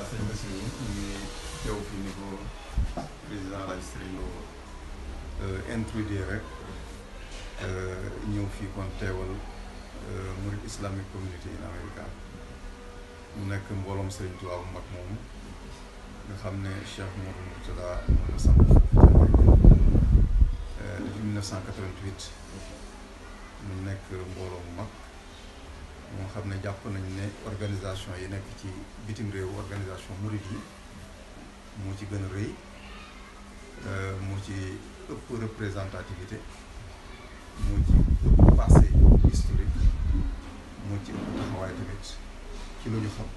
waaw sëñ Bassirou ñu ngi teew fii ni ko président Laye Serigne Lo introduire rek euh, ñëw fii kon teewal euh, Mouride Islamique Community in America mu nekk mbooloom Serigne Touba bu mag moom nga xam ne Cheikh Modou Mourtada euh, mu nekk mbooloomu mag. moo xam ne jàpp nañ ne organisation yi nekk ci bitim réew organisation murid yi moo ci gën a rëy euh, moo ci ëpp représentativité moo ci ëpp passé historique ci ëpp taxawaay tamit ci lu xam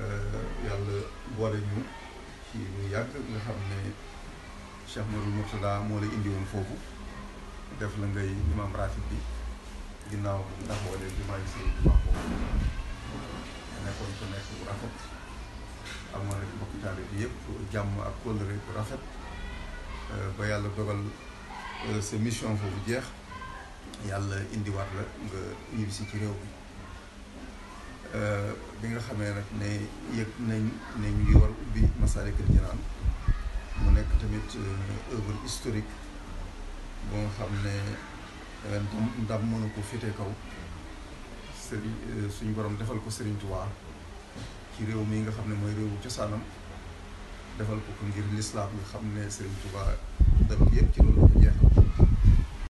euh, yàlla boole ñu ci lu yàgg nga xam ne Cheikh Mouhamadou Mourtada moo la indi woon foofu def la ngay imam ratib bi ginnaaw bi ndax moo leen yëpp jàmm ak kóllëre bu rafet euh, ba yàlla dogal euh, foofu jeex yàlla indiwaat la nga ci réew bi euh, bi nga xamee nag ne yëg nañ ne ñu ngi war ubbi Masaalikul Jinaan mu nekk tamit œuvre historique bu nga xam ne ndam mënu ko féete kaw sëriñ suñu borom defal ko Sëriñ Tuubaa ci réew mi nga xam ne mooy réewu cosaanam defal ko ko ngir lislaam nga xam ne Sëriñ Tuubaa dara yëpp ci loolu ko jeexal